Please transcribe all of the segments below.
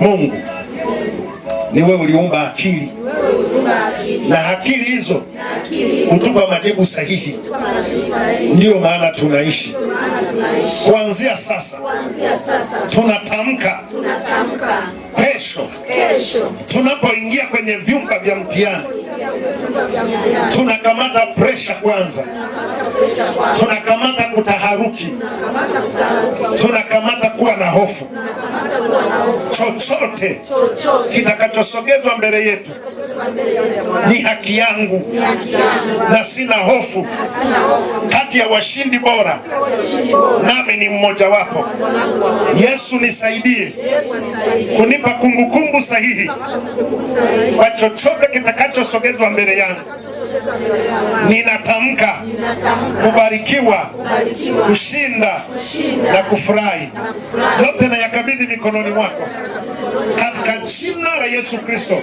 Mungu ni wewe uliumba akili na akili hizo hutupa majibu sahihi. Ndiyo maana tunaishi kuanzia sasa, tunatamka kesho, tunapoingia kwenye vyumba vya mtihani tunakamata presha kwanza, tunakamata kutaharuki, tunakamata kuwa na hofu chochote kitakachosogezwa mbele yetu ni haki yangu na sina hofu. Kati ya washindi bora nami ni mmojawapo. Yesu nisaidie kunipa kumbukumbu sahihi kwa chochote kitakachosogezwa mbele yangu. Ninatamka kubarikiwa, kushinda, kushinda na kufurahi. Yote nayakabidhi mikononi mwako katika jina la Yesu Kristo,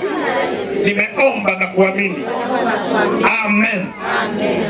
nimeomba na kuamini, amen. Amen.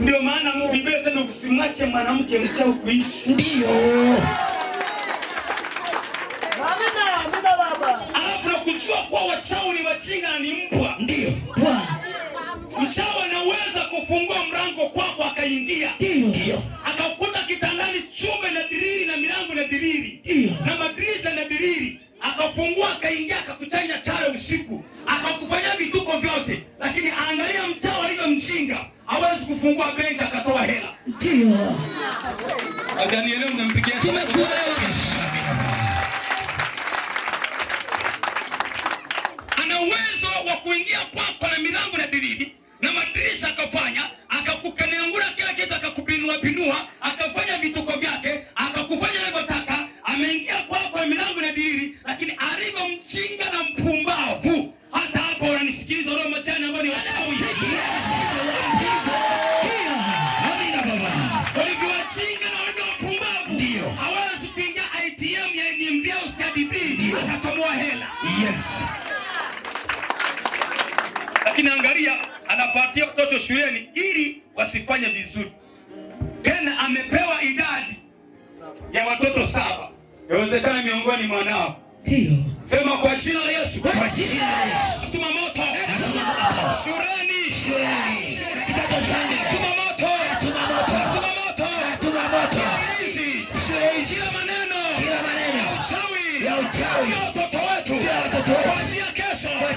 Ndio maana Biblia inasema usimwache mwanamke mchao kuishi. Ndio. Alafu na kujua kuwa wachao ni wachinga ni mbwa. Ndio. Mchao anaweza kufungua mlango kwako akaingia. Ndio. akakudhilili, akafungua, akaingia, akakuchanya chayo usiku, akakufanya vituko vyote, lakini angalia mchao alivyo mchinga, hawezi kufungua benki akatoa hela. Ndio mnampigia ana uwezo wa kuingia kwako na milango na dilili na madirisha, akafanya akakukanyangura kila kitu, akakupinua pinua, akafanya vituko vyake anatoboa hela. Yes. Lakini angalia, anafuatia watoto shuleni ili wasifanye vizuri. Tena amepewa idadi ya watoto saba. Yawezekana miongoni mwanao. Ndio. Sema kwa jina la Yesu. Kwa jina la Yesu. Tuma moto. Tuma moto. Shuleni. Shuleni. Kitabu Shuleni. Tuma moto.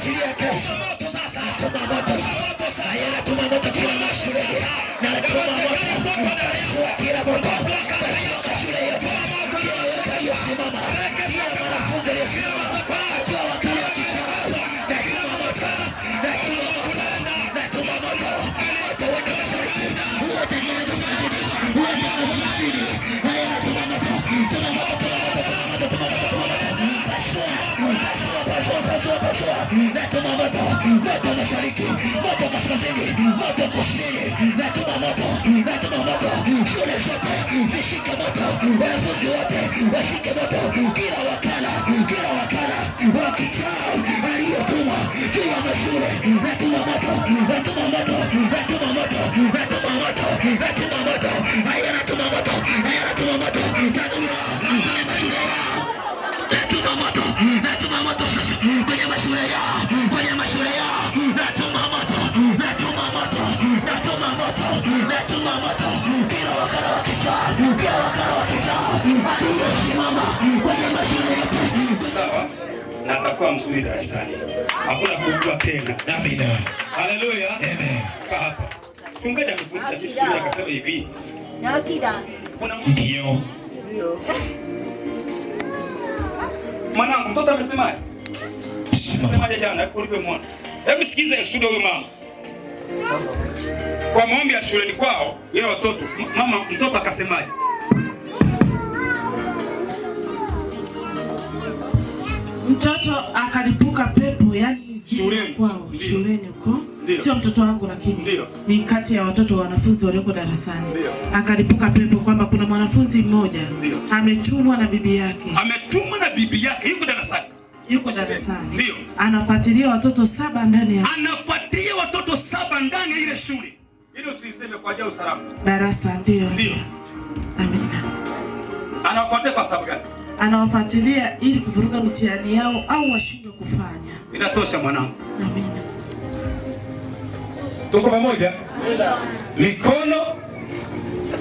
tunafuatilia kesho. Changamoto sasa, changamoto sasa, haya, changamoto kila mashule upasua, upasua, upasua. Natuma moto, moto mashariki, moto kaskazini, moto kusini. Natuma moto, natuma moto. Shule zote zishike moto, wanafunzi wote washike moto. Kila wakala, kila wakala wa kichaa juu ya mashule, natuma moto, natuma natuma moto kila wakara wa kichaa, kila wakara wa kichaa aliyesimama kwenye mashine yetu. Sawa, na takuwa mzuri darasani, hakuna kujua tena. Amina, haleluya, amen. Kaa hapa, mchungaji amefundisha kitu kimoja, akasema hivi, kuna ndio mwanangu, mtoto amesemaje? Amesemaje jana ulipomwona? Hebu sikiza ushuhuda huyu mama kwa maombi ya shuleni kwao, ila watoto mama, mtoto akasemaje? Mtoto akalipuka pepo, yani shuleni kwao, shuleni huko, sio mtoto wangu, lakini ni kati ya watoto wa wanafunzi walioko darasani. Akalipuka pepo kwamba kuna mwanafunzi mmoja ametumwa na bibi yake, ametumwa na bibi yake, yuko darasani yuko darasani, ndio anafuatilia watoto saba ndani ya anafuatilia watoto saba ndani ya ile shule, ili usiseme kwa ajili ya usalama darasa, ndio ndio, amina. Anafuatilia kwa sababu gani? Anawafuatilia ili kuvuruga mitihani yao au washindwe kufanya. Inatosha mwanangu, amina. Tuko pamoja, mikono,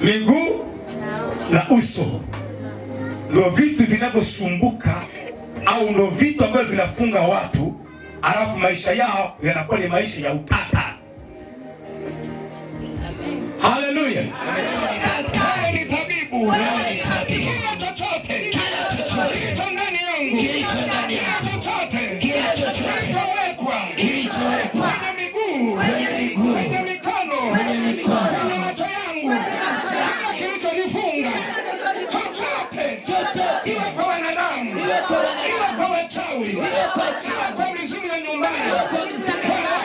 miguu na uso ndio vitu vinavyosumbuka au ndo vitu ambavyo vinafunga watu, alafu maisha yao yanakuwa ni maisha ya utata. Haleluya! Ni tabibu, tabibu chochote Nimepatiwa kwa mizimu ya nyumbani